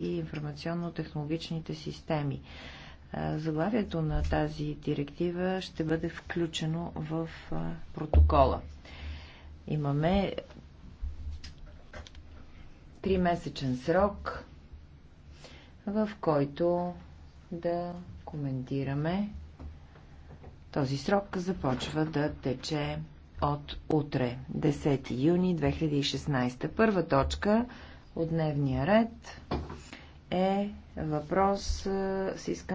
и информационно-технологичните системи. Заглавието на тази директива ще бъде включено в протокола. Имаме тримесечен срок, в който да коментираме. Този срок започва да тече от утре, 10 юни 2016. Първа точка от дневния ред е въпрос с искане